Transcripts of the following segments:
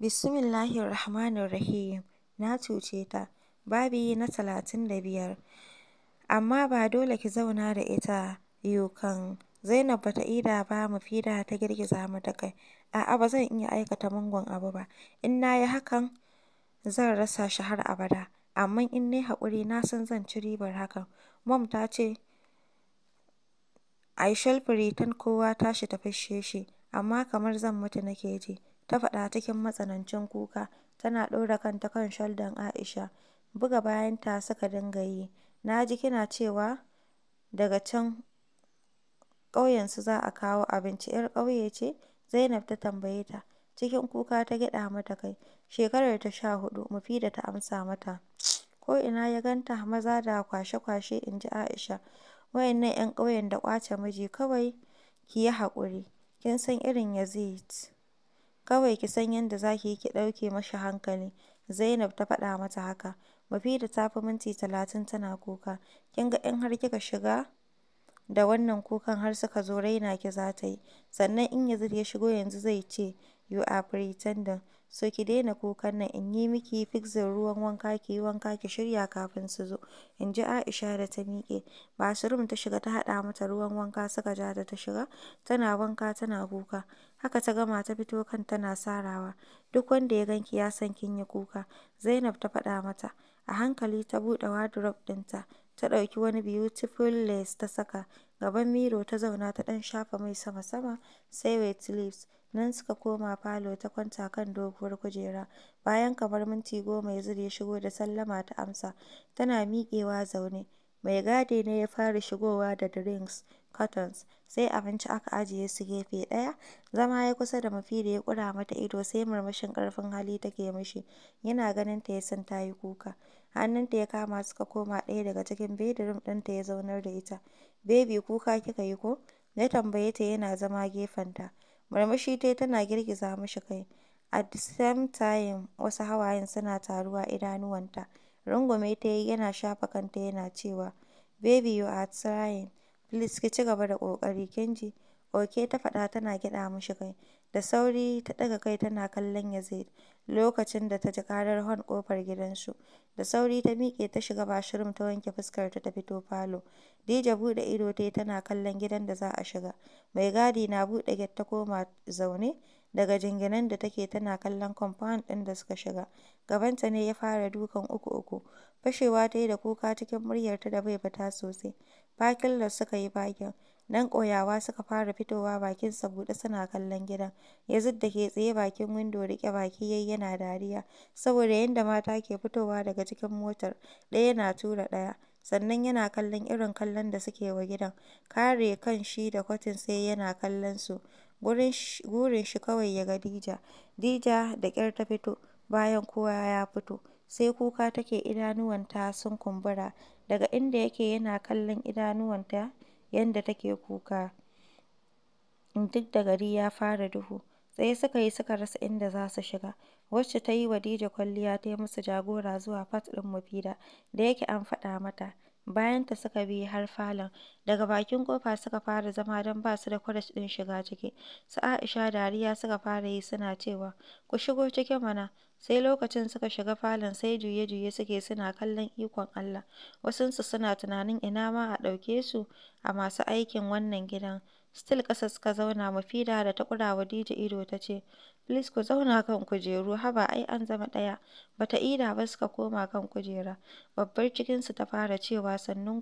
rahim Na cuce ta. Babi na da biyar Amma ba dole ki zauna da ita, you Zainab ba ta ida ba mu fida ta girgiza mu mata kai. A'a ba zan iya aikata mungon abu ba. In nayi hakan, zan rasa shi har abada. Amma in nayi hakuri na san zan ci ribar hakan. Mom ta ce I shall kowa tashi ta fashe shi, amma kamar zan mutu nake ji. ta faɗa cikin matsanancin kuka, tana ɗora kanta kan shouldan Aisha, buga bayanta suka dinga yi, na ji kina cewa daga can ƙauyensu za a kawo abinci, 'yar ƙauye ce? Zainab ta tambaye ta, cikin kuka ta gyaɗa mata kai, shekarar ta sha huɗu, Mufida ta amsa mata, ko ina ya ganta maza da kwashe-kwashe, in ji Aisha, wayannan 'yan ƙauyen da kwace miji kawai, ki yi haƙuri, kin san irin Yazid. Kawai ki san yadda za ki yi ki ɗauke mashi hankali. Zainab ta faɗa mata haka. Mafida ta fi minti talatin tana kuka. Kin ga in har kika shiga da wannan kukan har suka zo raina ki za ta yi. Sannan in Yazid ya shigo yanzu zai ce, you are pretending. so ki daina kukan nan in yi miki fixin ruwan wanka ki yi wanka ki shirya kafin su zo," in ji Aisha da ta miƙe, bathroom ta shiga ta haɗa mata ruwan wanka suka ja da ta shiga, tana wanka tana kuka, haka ta gama ta fito kan tana sarawa, "duk wanda ya ganki ya san kin yi kuka," Zainab ta faɗa mata, a hankali ta buɗe wardrobe ɗinta ta ɗauki wani beautiful lace ta saka, gaban miro ta zauna ta ɗan shafa mai sama-sama, sai wet lips. Nan suka koma falo ta kwanta kan doguwar kujera, bayan kamar minti goma ya Yazid ya shigo da sallama ta amsa, tana miƙewa zaune, mai gadi ne ya fara shigowa da drinks cartons, sai abinci aka ajiye su gefe ɗaya, zama ya kusa da mafi da ya kura mata ido sai murmushin karfin hali take mishi, yana ganin ta ya san ta yi kuka, hannunta ya kama suka koma ɗaya daga cikin bedroom ta ya zaunar da ita, “baby kuka kika yi ko?” ya tambaye ta yana zama gefen ta Murmushi ta tana girgiza mashi kai, at the same time wasu hawayen suna taruwa a idanuwanta. Rungume ta yi yana shafa kanta yana cewa, “Baby, you are trying. Please ki ci gaba da ƙoƙari, kenji oke ta faɗa tana gyaɗa mashi kai. Da sauri ta ɗaga kai tana kallon Yazid. lokacin da ta ji karar hon kofar gidansu, da sauri ta miƙe ta shiga bashirum ta wanke fuskarta ta fito falo, Dija buɗe ido tayi tana kallon gidan da za a shiga, mai gadi na buɗe get ta koma zaune daga jinginan da take tana kallon compound ɗin da suka shiga, gabanta ne ya fara dukan uku-uku, fashewa ta yi da kuka cikin muryarta da bai fita sosai, da suka yi fakin. Nan koyawa suka fara fitowa sa saboda suna kallon gidan, Yazid da ke tsaye bakin windo riƙe baki yayi yana dariya, saboda yanda mata ke fitowa daga cikin motar, ɗaya yana tura ɗaya, sannan yana kallon irin kallon da suke wa gidan, kare kan shi da kwatin sai yana kallon su, gurin shi kawai ya ga Dija, Dija da kyar ta fito, bayan kowa ya fito, sai kuka take idanuwanta sun kumbura, daga inda yake yana kallon idanuwanta. yadda take kuka duk da gari ya fara duhu. sai suka yi suka rasa inda za su shiga. Wacce ta yi wa Dije kwalliya ta yi musu jagora zuwa fat ɗin fida da yake an faɗa mata. bayan ta suka bi har falon, daga bakin kofa suka fara zama don ba su da kwarash din shiga ciki, su Aisha da ariya suka fara yi suna cewa, "Ku shigo ciki mana." Sai lokacin suka shiga falon sai juye-juye suke suna kallon ikon Allah, wasunsu suna tunanin ina ma a ɗauke su a masu aikin wannan gidan. Still ƙasa suka zauna mafida da ta ƙura wa Dije ido ta ce, Please ku zauna kan kujeru, haba ai an zama ɗaya. Ba ta ida ba suka koma kan kujera. Babbar cikin su ta fara cewa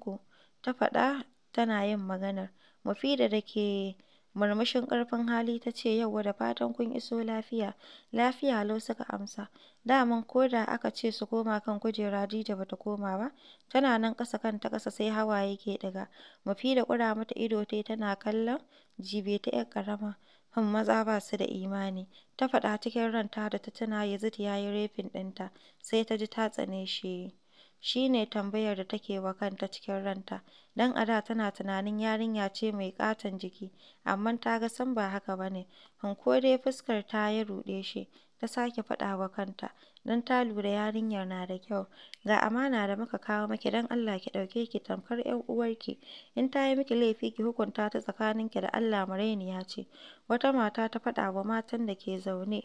ku ta faɗa tana yin maganar. Mufida da ke murmushin ƙarfin hali ta ce yauwa da fatan kun iso lafiya. Lafiya lau suka amsa. Daman ko da aka ce su koma kan kujera Dija bata koma ba, tana nan ƙasa kanta ƙasa sai hawaye ke ɗiga. Mufida ƙura mata ido tai tana kallon jibe ta 'yar ƙarama. kan maza ba su da imani, ta faɗa cikin ranta da ta tuna Yazid ya yi refin ɗinta, sai ta ji ta tsane shi. shi ne tambayar da take wa kanta cikin ranta, don a da tana tunanin yarinya ce mai ƙaton jiki, amma ta ga san ba haka ba ne, ko dai fuskar ta ya ruɗe shi, ta sake faɗa wa kanta, don ta lura yarinyar na da kyau, "Ga amana da muka kawo miki don Allah ki ɗauke ki tamkar 'yar uwarki, in ta yi miki laifi ki hukunta ta tsakaninki da Allah ya ce," wata mata ta faɗa wa matan da ke zaune.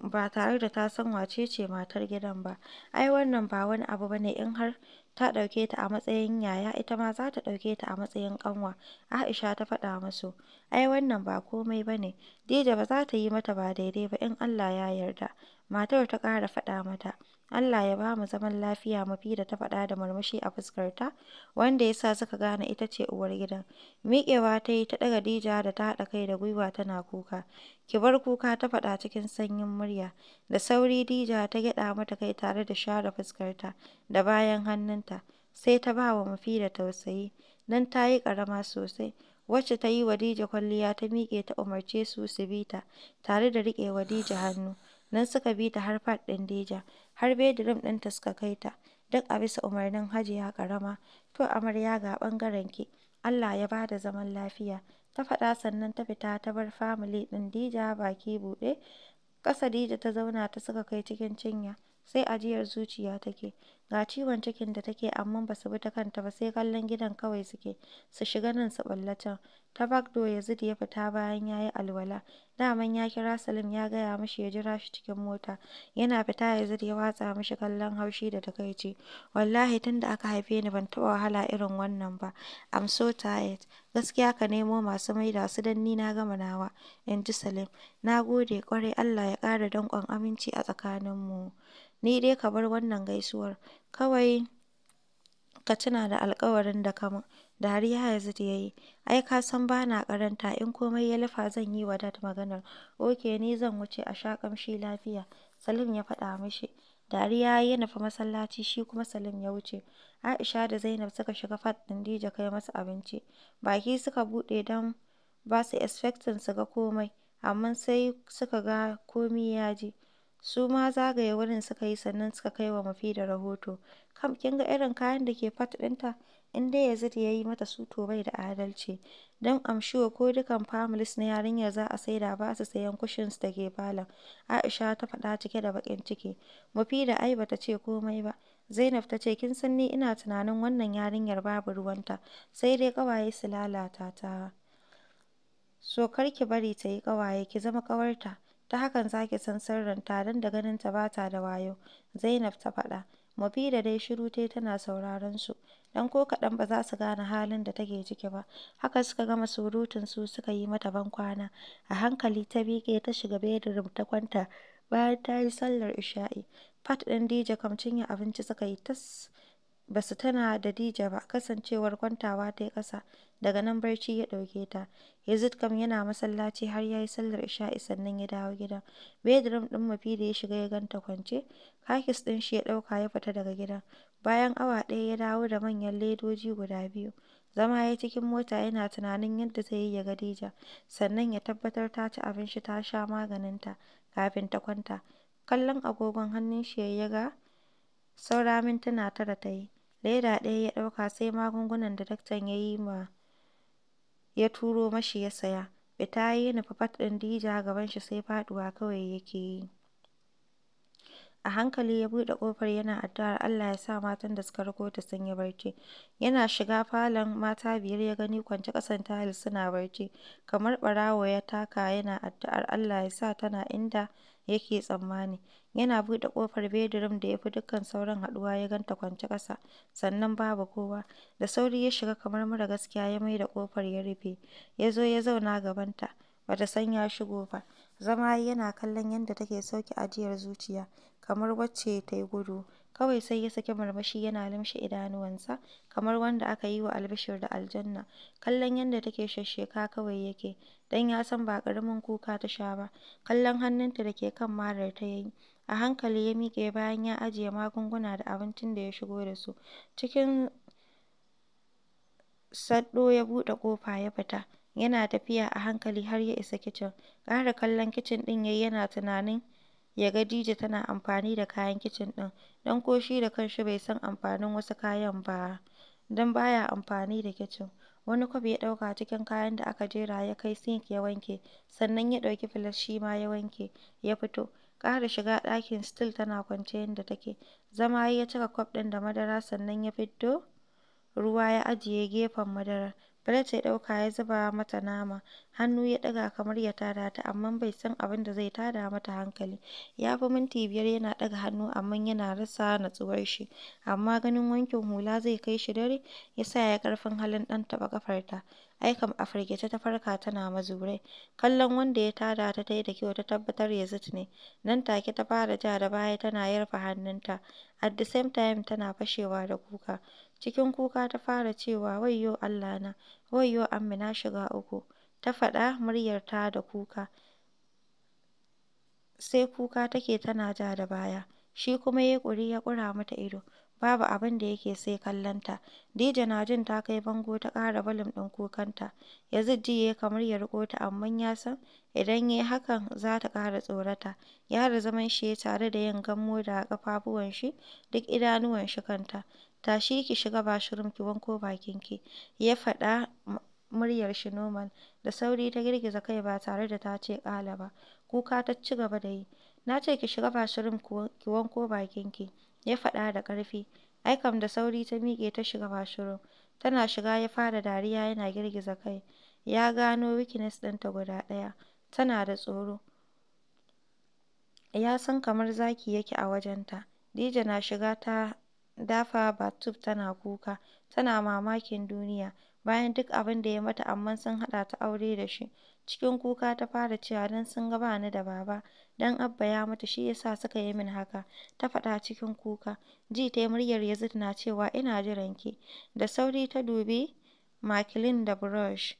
ba tare da ta san wace ce matar gidan ba. Ai wannan ba wani abu bane in har ta ɗauke ta a matsayin yaya ita ma za ta ɗauke ta a matsayin ƙanwa, Aisha ta faɗa musu. Ai wannan ba komai bane, Dija ba za ta yi mata ba daidai ba in Allah ya yarda, matar ta ƙara faɗa mata. Allah ya ba mu zaman lafiya da ta faɗa da murmushi a fuskarta, wanda ya sa suka gane ita ce uwar gidan. Miƙewa ta yi ta ɗaga Dija da ta haɗa kai da gwiwa tana kuka. Ki bar kuka ta faɗa cikin sanyin murya. Da sauri Dija ta gyaɗa mata kai tare da share fuskarta da bayan hannunta. Sai ta ba wa da tausayi, Nan ta yi ƙarama sosai. Wacce ta yi wa Dija kwalliya ta miƙe ta umarce su su bi ta, tare da riƙe wa Dija hannu. Nan suka bi ta har pat ɗin Dija, har bedroom ɗinta suka kai ta, duk a bisa umarnin Hajiya Karama. To amarya ga ɓangaren ki, Allah ya ba da zaman lafiya. Ta faɗa sannan ta fita ta bar family ɗin Dija baki buɗe. Ƙasa Dija ta zauna ta suka kai cikin cinya. sai ajiyar zuciya take. Ga ciwon cikin da take amma ba su bi ta kanta ba sai kallon gidan kawai suke, su shiga nan su ɓalla Ta bagdo ya zidi ya fita bayan ya yi alwala. Daman ya kira Salim ya gaya mashi ya jira shi cikin mota. Yana fita ya zidi ya watsa mashi kallon haushi da takaici. Wallahi tun da aka haife ni ban taɓa wahala irin wannan ba. I'm so tired. Gaskiya ka nemo masu maida su dan ni na gama nawa. In ji Salim. Na gode kwarai Allah ya kara danƙon aminci a tsakaninmu. Ni dai ka bar wannan gaisuwar, kawai ka tuna da alkawarin da ka har ya yanzu ya yi. "Ai ka san ba na karanta in komai ya lafa zan yi wa Dad maganar. oke ni zan wuce, a sha kamshi lafiya," Salim ya faɗa mishi. Dariya ya nufi masallaci shi kuma Salim ya wuce. Aisha da Zainab suka shiga fat ɗin Dija kai masa abinci. Baki suka bude don ba su expecting su ga komai, amma sai suka ga komi ya ji. Su ma zagaye wurin suka yi sannan suka kai wa mafi da rahoto, “Kam kin ga irin kayan da ke fat ɗinta, in dai Yazid ya yi mata su to bai da adalci, don I'm ko dukan families na yarinyar za a saida ba su sayan cushions da ke falon,” Aisha ta faɗa cike da bakin ciki. Mufida ai bata ce komai ba. Zainab ta ce, “Kin san ni ina tunanin wannan yarinyar babu ruwanta, sai dai ƙawaye su lalata ta. So kar ki bari ta yi ƙawaye, ki zama ƙawarta.” ta hakan za ki san sirrinta don da ganinta ba ta da wayo, Zainab ta faɗa. Mufida dai shiru ta tana sauraron su, dan ko kaɗan ba za su gane halin da take ciki ba. Haka suka gama surutun su suka yi mata bankwana. A hankali ta miƙe ta shiga bedroom ta kwanta bayan ta yi sallar isha'i. Fat ɗin Dija kam cinye abinci suka yi tas. Ba tana da Dija ba, kasancewar kwantawa ta yi ƙasa. Daga nan barci ya ɗauke ta. Yazid kam yana masallaci har ya yi sallar isha'i sannan ya dawo gida. Bedroom ɗin da ya shiga ya ganta kwance, kakis ɗin shi ya ɗauka ya fita daga gidan. Bayan awa ɗaya ya dawo da manyan ledoji guda biyu. Zama ya cikin mota yana tunanin yadda zai yi ya gadija sannan ya tabbatar ta ci abin shi ta sha maganinta kafin ta kwanta. Kallon agogon hannun shi ya yaga. ya ga saura mintuna tara ta yi. Leda ɗaya ya ɗauka sai magungunan da daktan ya yi ma ya turo mashi ya saya, fita ya yi nufa pad ɗin Dija shi sai faɗuwa kawai yake yi. A hankali ya buɗe ƙofar yana addu'ar Allah ya sa matan da suka rako ta sun yi barci. Yana shiga falon mata biyar ya gani kwance ƙasan tayil suna barci, kamar ɓarawo ya taka yana addu'ar Allah ya sa tana inda yake tsammani, yana bude kofar bedroom da ya fi dukkan sauran haduwa ya ganta kwance kasa sannan babu kowa. Da sauri ya shiga kamar mara gaskiya ya mai da kofar ya rufe. Ya zo ya zauna gabanta, ba ta san ya shigo ba. Zama yana kallon yadda take sauke ajiyar zuciya, kamar wacce ta gudu. Kawai sai ya saki murmushi yana limshe idanuwansa kamar wanda aka yi wa albishir da aljanna, kallon yadda take shashsheka kawai yake, Dan ya san ba karamin kuka ta sha ba, kallon hannunta da ke kan mararta ta yayi. A hankali ya miƙe bayan ya ajiye magunguna da abincin da ya shigo da su, cikin saddo ya buɗe ƙofa ya fita, yana tafiya a hankali har ya isa kicin, ƙara kallon kicin ɗin yayi yana tunanin ya ga Dije tana amfani da kayan kicin ɗin, don ko shi da kanshi bai san amfanin wasu kayan ba, don baya amfani da kicin. Wani kwaf ya ɗauka cikin kayan da aka jera ya kai sink ya wanke, sannan ya ɗauki filas shi ma ya wanke, ya fito. ƙara shiga ɗakin still tana kwance yadda take. Zama ya cika kwaf ɗin da madara sannan ya fito? ruwa ya ajiye gefen madara. Brett ya ɗauka ya zuba mata nama, hannu ya ɗaga kamar ya tada ta, amma bai san abin da zai tada mata hankali. Ya fi minti biyar yana ɗaga hannu amma yana rasa natsuwar shi, amma ganin wankin hula zai kai shi dare, ya sa ya karfin halin ɗan taɓa ƙafarta. Ai kam a firgice ta farka tana mazurai. Kallon wanda ya tada ta tayi da kyau ta tabbatar ya ne. Nan take ta fara ja da baya tana yarfa hannunta, at the same time tana fashewa da kuka. Cikin kuka ta fara cewa wayyo Allah na! Wayyo amina shiga uku!” ta faɗa, muryar ta da kuka, sai kuka take tana ja da baya, shi kuma ya yi ya ƙura mata ido. babu abin da yake sai kallonta. Dija na jin ta kai bango ta ƙara balum ɗin kukanta. Ya ji ya kamar ya riko ta amma ya san idan yayi hakan za ta ƙara tsorata. Ya da zaman shi ya tare da yin gammo da kafafuwan shi duk idanuwan shi kanta. Tashi ki shiga bashirum ki wanko bakin ki. ya faɗa muryar shi normal. Da sauri ta girgiza kai ba tare da ta ce kala ba. Kuka ta ci gaba da yi. Na ce ki shiga bashirum ki wanko bakin ki. ya faɗa da ƙarfi. Ai da sauri ta miƙe ta shiga washroom. Tana shiga ya fara dariya yana girgiza kai. Ya gano weakness ɗinta guda ɗaya, tana da tsoro. Ya san kamar zaki yake a wajenta. Dija na shiga ta dafa batub tana kuka, tana mamakin duniya. bayan duk abin da ya mata amma sun haɗa ta aure da shi. Cikin kuka ta fara cewa dan sun ga ba ni da baba, dan Abba ya mutu shi yasa suka yi min haka, ta faɗa cikin kuka. Ji ta muryar Yazid na cewa ina jiran ki. Da sauri ta dubi makilin da brush.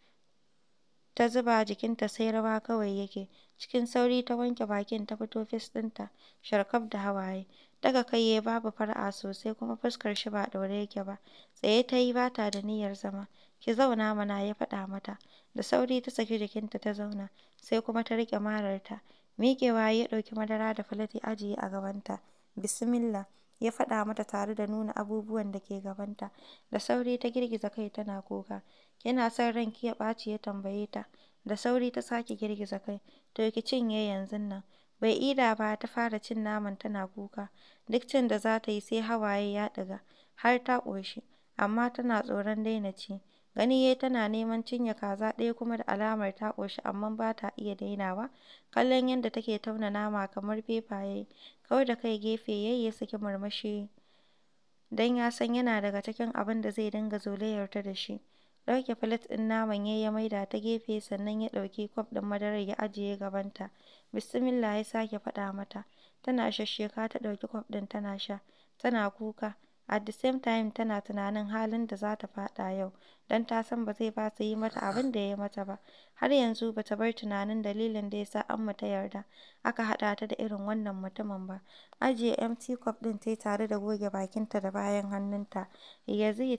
ta zuba jikinta sai rawa kawai yake cikin sauri ta wanke bakin ta fito fes ɗinta sharkaf da hawaye daga kai ya babu far'a sosai kuma fuskar shi ba ɗaure yake ba tsaye ta yi bata da niyyar zama ki zauna mana ya faɗa mata. Da sauri ta saki jikinta ta zauna, sai kuma ta rike mararta. Miƙewa ya ɗauki madara da falati ajiye a gabanta. Bismillah, ya faɗa mata tare da nuna abubuwan da ke gabanta. Da sauri ta girgiza kai tana kuka. Kina son ranki ya ɓaci ya tambaye ta. Da sauri ta sake girgiza kai. To ki cinye yanzun nan. Bai ida ba ta fara cin naman tana kuka. Duk cin da za ta yi sai hawaye ya ɗiga. Har ta ƙoshi. Amma tana tsoron daina ci. Gani ya tana neman cinye kaza ɗaya kuma da alamar ta ƙoshi amma ba ta iya dainawa, kallon yadda take tauna nama kamar fefa ya yi, da kai gefe ya yi ya saki murmushi Dan ya san yana daga cikin abin da zai dinga zolayar ta da shi. Ɗauke filet ɗin naman ya yi ya maida ta gefe sannan ya ɗauki kwaf ɗin madarar ya ajiye gabanta. Bismillah ya sake faɗa mata. Tana shasheka ta ɗauki kwaf ɗin tana sha, tana kuka. At the same time tana tunanin halin da za ta faɗa yau, don ta san ba zai fasa yi mata abin da ya yi mata ba. Har yanzu ba ta bar tunanin dalilin da ya sa Amma ta yarda aka haɗa ta da irin wannan mutumin ba. Ajiye MTCOP cup ɗin ta tare da goge bakinta da bayan hannunta.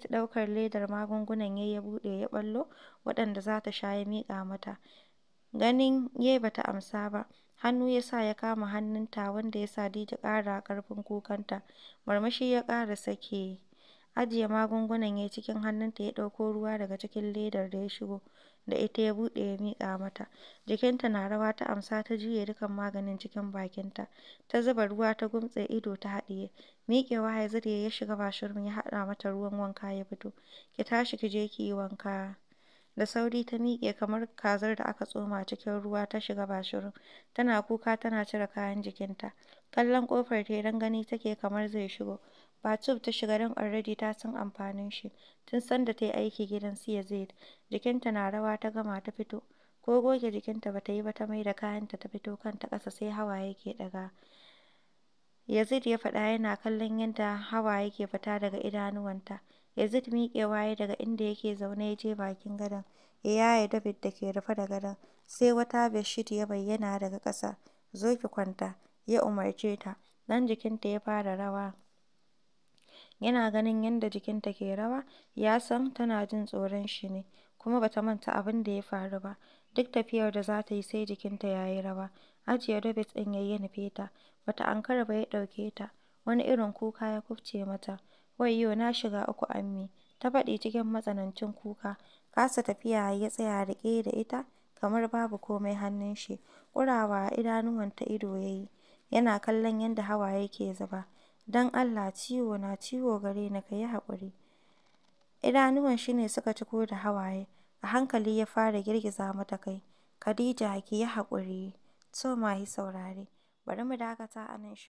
ta ɗaukar ledar magungunan ya ya buɗe ya ɓallo waɗanda za ta sha ya miƙa mata. Ganin ya ba ta amsa ba. Hannu ya sa ya kama hannunta, wanda ya sa Dija ƙara ƙarfin kukanta. Murmushi ya ƙara sake Ajiye magungunan ya cikin hannunta, ya ɗauko ruwa daga cikin ledar da ya shigo da ita ya buɗe ya miƙa mata. Jikinta na rawa ta amsa ta juye dukan maganin cikin bakinta. Ta zuba ruwa ta gumtse ido ta haɗiye. Miƙewa wa ya ya shiga bashirin ya haɗa mata ruwan wanka ya fito. Ki tashi ki je ki yi wanka. Da sauri ta miƙe kamar kazar da aka tsoma cikin ruwa ta shiga bashirun, tana kuka tana cire kayan jikinta. Kallon ƙofar ta yi gani take kamar zai shigo. Ba tub ta shiga don already ta san amfanin shi, tun sanda ta yi aiki gidan siya Jikinta na rawa ta gama ta fito. Ko goge jikinta ba ta yi ba ta maida kayanta ta fito kanta ƙasa sai hawaye ke ɗaga. Yazid ya faɗa yana kallon yadda hawa yake fita daga idanuwanta. Yazid miƙewa ya daga inda yake zaune ya je bakin gadon, ya yaye David da ke rufe da gadon, sai wata bedsheet ya bayyana daga ƙasa. "Zo ki kwanta," ya umarce ta, dan jikinta ya fara rawa. Yana ganin yadda jikinta ke rawa, ya san tana jin tsoron shi ne, kuma bata manta abin da ya faru ba. Duk tafiyar da za ta yi sai jikinta ya yi rawa. Ajiye David ɗin ya yi ya ta. Ba ta ankara ba ya ɗauke ta, wani irin kuka ya kufce mata. “Wayyo, na shiga uku Ammi,” ta faɗi cikin matsanancin kuka, kasa tafiya ya tsaya riƙe da ita kamar babu komai hannun shi, ƙurawa idanuwan idanuwanta ido ya yi, yana kallon yadda hawaye ke zuba. “Don Allah, ciwo na ciwo gare ni, ka yi haƙuri.” Idanuwan shi ne suka ciko da hawaye, a hankali ya fara girgiza mata kai. “Khadija, ki yi haƙuri.” ma yi saurare. Bari mu dakata a nan